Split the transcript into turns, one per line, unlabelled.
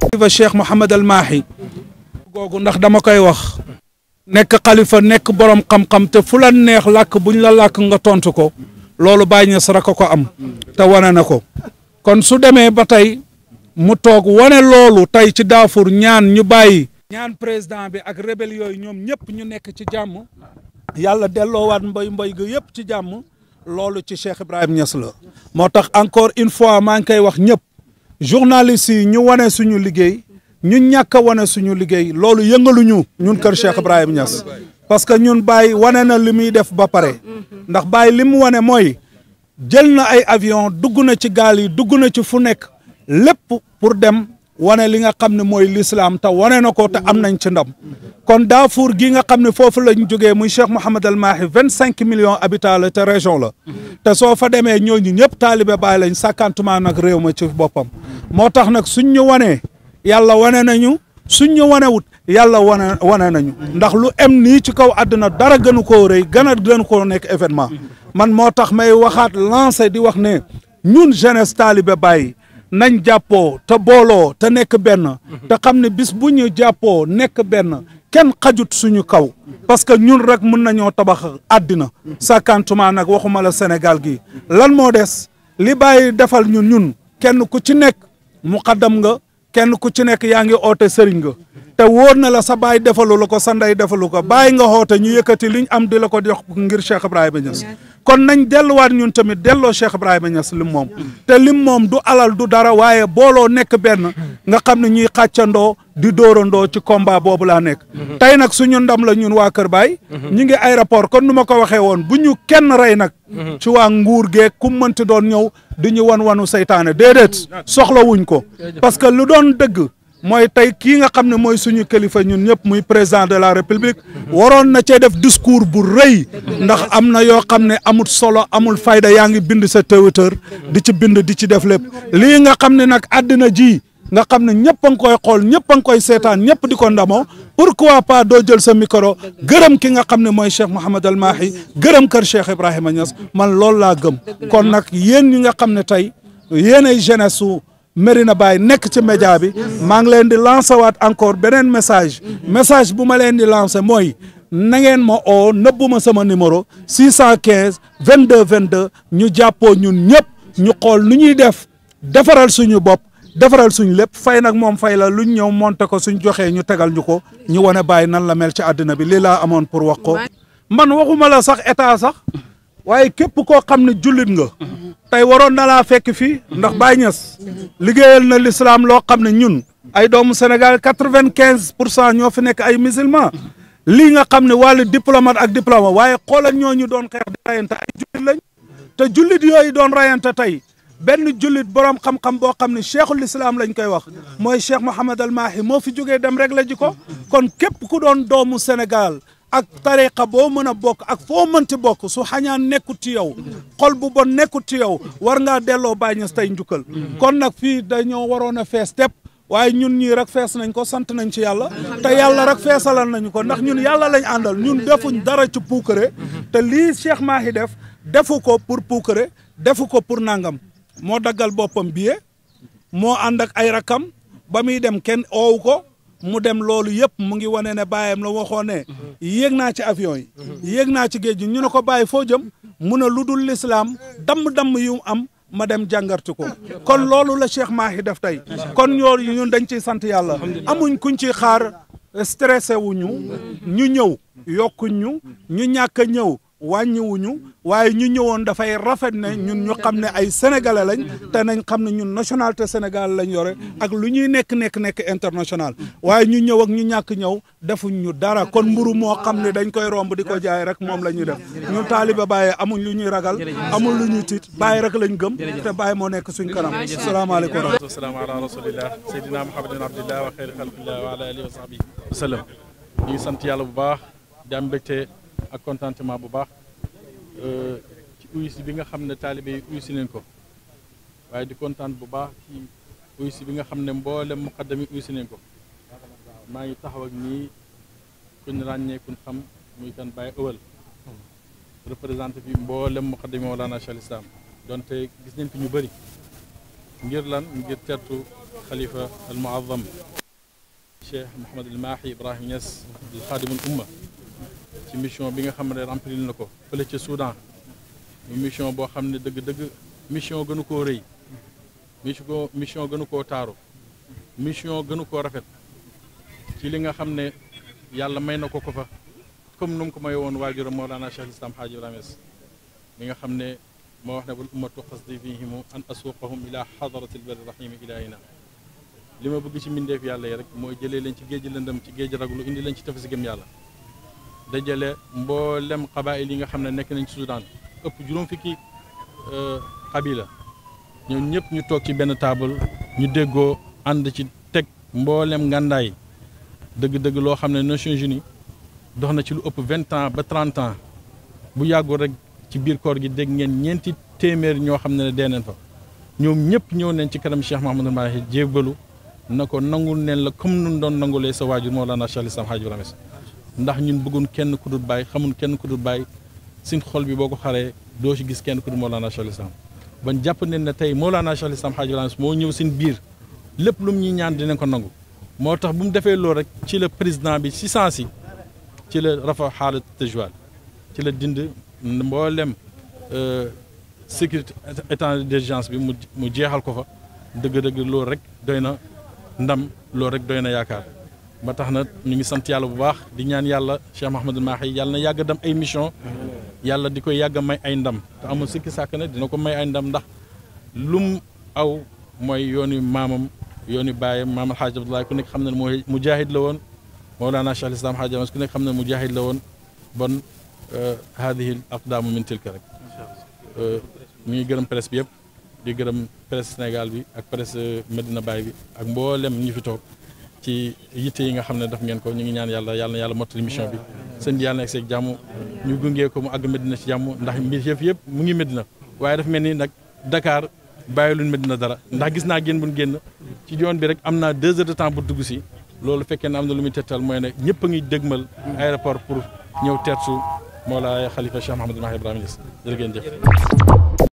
xalifa cheikh Mouhamad al Mahi googu ndax dama koy wax nekk xalifa nekk borom xam-xam te fu la neex làkk buñ la lakk nga tontu ko loolu bàyyi ñes rek ko am te wane na ko kon su demee ba tey mu toog wane loolu tey ci Daafour ñaan ñu bàyyi ñaan président bi ak rebelle yooyu ñoom ñëpp ñu nekk ci jàmm yàlla delloowaat mboy mboy gi yëpp ci jàmm loolu ci Cheikh Ibrahim ñas la moo tax encore une fois maa ngi koy wax ñëpp journaliste yi ñu wane suñu liggéey ñu ñàkk wane suñu liggéey loolu yëngaluñu ñun kër Cheikh Ibrahim Niass parce que ñun Baye wane na li muy def ba pare ndax Baye li mu wane mooy jël na ay avion dugg na ci gaal yi dugg na ci fu nekk lépp pour dem wane li nga xam ne mooy lislaam te wane na ko te am nañ ci ndam kon daa Daafour gi nga xam ne foofu lañ jógee muy Cheikh Mouhamed El Mahi vingt cinq millions habitants la te région la te soo fa demee ñi ñëpp taalibe Baay lañ sàkkantuma nag ma ci boppam moo tax nag suñ ñu wanee yàlla wane nañu suñ ñu wanewut yàlla wane wane nañu ndax lu em nii ci kaw àddina dara gënu ko rëy gën a gënu koo nekk événement man moo tax may waxaat lancé di wax ne ñun jeunesse taalibe bàyyi nañ jàppoo te booloo te nekk benn te xam ne bis bu ñu jàppoo nekk benn kenn xajut suñu kaw parce que ñun rek mën nañoo tabax àddina sàkkantuma nag waxuma la Sénégal gi lan moo des li bàyyi defal ñu ñun kenn ku ci nekk muqaddam nga kenn ku ci nekk yaa ngi oote sëriñ nga te wóor na la sa baay defalu la ko sa ndey defalu ko bàyyi nga xoote ñu yëkkati liñ am di la ko jox ngir Cheikh Ibrahima Niass kon nañ delluwaat ñun tamit delloo Cheikh Ibrahima Niass lim moom te lim moom du alal du dara waaye booloo nekk benn nga xam ne ñuy xàccandoo di dóorandoo ci combat boobu laa nekk tey nag suñu ndam la ñun waa Kër Baay ñi ngi aéroport kon nu ma ko waxee woon bu ñu kenn rey nag ci waa nguur geeg ku mënti doon ñëw di ñu wan wanu seytaane déedéet soxla ko mooy tey kii nga xam ne mooy suñu kilifa ñun ñëpp muy président de la république waroon na cee def discours bu rëy ndax am na yoo xam ne amul solo amul fayda yaa ngi bind sa Twitter di ci bind di ci def lépp lii nga xam ne nag àddina ji nga xam ne ñëpp a ngi koy xool ñëpp a ngi koy seetaan ñëpp di ko ndamoo pourquoi pas doo jël sa micro gërëm ki nga xam ne mooy Cheikh mu Al Mahi gërëm kër Cheikh Ibrahima Niass man loolu laa gëm kon nag yéen ñi nga xam ne tey yéenay jeunesse su Médina Baye nekk ci média bi maa ngi leen di lancer waat encore beneen message message bu ma leen di lancer mooy na ngeen ma oo nëbbu ma sama numéro 615 22 deux ñu jàppoo ñun ñëpp ñu xool nu ñuy def defaral suñu bopp defaral suñ lépp fay nag moom fay la luñ ñëw monter ko suñ joxee ñu tegal ñu ko ñu wane Baye nan la mel ci àddina bi lii laa amoon pour wax ko man waxuma sax état sax. waaye képp koo xam ne jullit nga tey waroon na laa fekk fii ndax Baye Niass liggéeyal na l'islam loo xam ne ñun ay doomu Sénégal quatre-vingt-quinze pour cent ñoo fi nekk ay musulman lii nga xam ne wàllu diplomate ak diplomate waaye xoolal ñoo ñu doon xeex di rayante jullit lañ te jullit yooyu doon rayante tey benn jullit borom xam-xam boo xam ne cheikhul islam lañu koy wax mooy cheikh Mouhamad al Mahi moo fi jógee dem rek la ji ko kon képp ku doon doomu Sénégal ak tariqa boo mën a bokk ak foo mën mënti bokk su xañaan nekkut ci yow xol bu bon nekkut ci yow war ngaa delloo bàyyi ñas tey njukkal kon nag fii dañoo waroon na fees tepp waaye ñun ñii rek fees nañ ko sant nañ ci yàlla te yàlla rek feesalal nañu ko ndax ñun yàlla lañ àndal ñun defuñ dara ci puukare te lii Cheikh Mahi def defu ko pour puukare defu ko pour nangam moo daggal boppam billet moo ànd ak ay rakam ba muy dem kenn oowu ko mu dem loolu yëpp mu ngi wane ne bàyyam la waxoon ne yéeg naa ci avion yi yéeg naa ci géej gi ñu ne ko bàyyi foo jëm mu ne lu dul lislaam damm-damm yu am ma dem jàngarti ko kon loolu la Cheikh Mahi def tey kon yooyu ñun dañ ciy sant yàlla amuñ kuñ ci xaar stressé ñu ñëw yokkuñ ñu ñu ñàkk a ñëw wàññiwuñu waaye ñu ñëwoon dafay rafet ne ñun ñu xam ne ay sénégalais lañ te nañ xam ne ñun nationalité sénégal lañ yore ak lu ñuy nekk nekk nekk international waaye ñu ñëw ak ñu ñàkk ñëw defuñ ñu dara kon mburu moo xam ne dañ koy romb di ko jaay rek moom la ñuy def ñun taaliba Baye amuñ lu ñuy ragal amuñ lu ñu tiit Baye rek lañ gëm te Baye moo nekk suñ kanam asalaamaaleykum wa rahmatulah
wasalaam ala rasulillah sayyidina muhammadin abdillah wa xayri xalqillah wa ala alihi wa sahbihi wa sallam ñu ngi sant yàlla bu baax di ak contentement bu baax uysi bi nga xam ne taalibe yi uysi nañ ko waaye di kontaan bu baax ci bi nga xam ne mboolem muqaddam yi uysi nañ ko maa ngi taxaw ak nii kuñ ràññee kuñ xam muy kan Baye Ëwël représenté fi mboolem muqaddam yi Mawlana Cheikh al Islam donte gis nañ fi ñu bari ngir lan ngir tertu xalifa al muazzam Cheikh Mouhamad Ibrahim Niass al xaadimul ci mission bi nga xam ne remplir na ko fële ca Soudan mission bo xamne deug deug mission gënu ko reuy mission mission gënu ko taru mission gënu ko rafet ci li nga xamne yàlla may nako ko fa comme num ko may won waajuram maulana Cheikh Islam Hadji Ibrahima mi nga xamne mo wax na bul ummatu xasdi fihimu an asuqahum ila hadrat al lbari rahim ila ina lima bëgg ci mindeef yàlla rek moy jëlé leen ci géej lëndëm ci géej raglu indi leen ci tefes gëm yàlla dajale mbollem qabaili nga xamne nek nañ ci Soudan ëpp juróom fukki euh, xabila ñoom ñëpp ñu toog ci benn taabal ñu déggoo ànd ci teg mbooleem ngàndaay dëgg-dëgg loo xam ne Nations uni dox na ci lu ëpp vingt ans ba trente ans bu yàggul rek ci biir koor gi dégg ngeen ñeenti téeméer ñoo xam ne dee neen fa ñoom ñëpp ñëw nañ ci kanam Cheikh Mahamadou Mahi jébbalu na ko nangul neen la comme nun doon nangulee sa waajur Mawlana Cheikh Islam Hadj Ibrahima ndax ñun bëggun kenn ku dul bàyyi xamun kenn ku dul bàyyi suñ xol bi boo ko xaree doo ci gis kenn ku di Mawlana Cheikh Islam ba jàpp nañ ne tey Mawlana Cheikh Islam Hadj Ibrahima moo ñëw suñ biir lépp lu mu ñuy ñaan dinañ ko nangu moo tax bu mu defee lool rek ci la président bi si sens yi ci la rafa xaalat tajwal ci la dind mboolem euh, sécurité état d'urgence bi mu mu jeexal ko fa dëgg-dëgg loolu rek doy na ndam loolu rek doy na yaakaar ba tax na ñu ngi sant yàlla bu baax di ñaan yàlla Cheikh Mahamadul Mahi yàlla na yàgg dem ay mission yàlla di koy yàgg may ay ndam te amul sikki sàkk ne dina ko may ay ndam ndax lum aw mooy yoonu maamam yoonu baayam maam alxaaj Abdoulaye ku nekk xam na ne mooy mujaahid la woon Mawlana Cheikh Islam Xaaj Amas ku nekk xam ne mujaahid la woon bon euh, haadihi l aqdaamu min tilka rek euh, ñu ngi gërëm presse bi yëpp di gërëm presse Sénégal bi ak presse euh, Medina Baye bi ak mboolem ñu fi toog ci yitte yi nga xam ne daf ngeen ko ñu ngi ñaan yàlla yàlla yàlla mottali sëñ bi yàlla nekk seeg jàmm ñu gungee ko mu àgg Medina ci jàmm ndax mbir yëf yëpp mu ngi Medina waaye dafa mel ni nag Dakar bàyyi luñ Medina dara ndax gis naa génn buñ génn ci yoon bi rek am naa deux heures de temps bu dugg si loolu fekkee na am na lu muy tettal mooy ne ñëpp a ngi dégmal aéroport pour ñëw teertu Mawlaaya Xalifa Cheikh Mahamadul Mahi Ibrahima Niass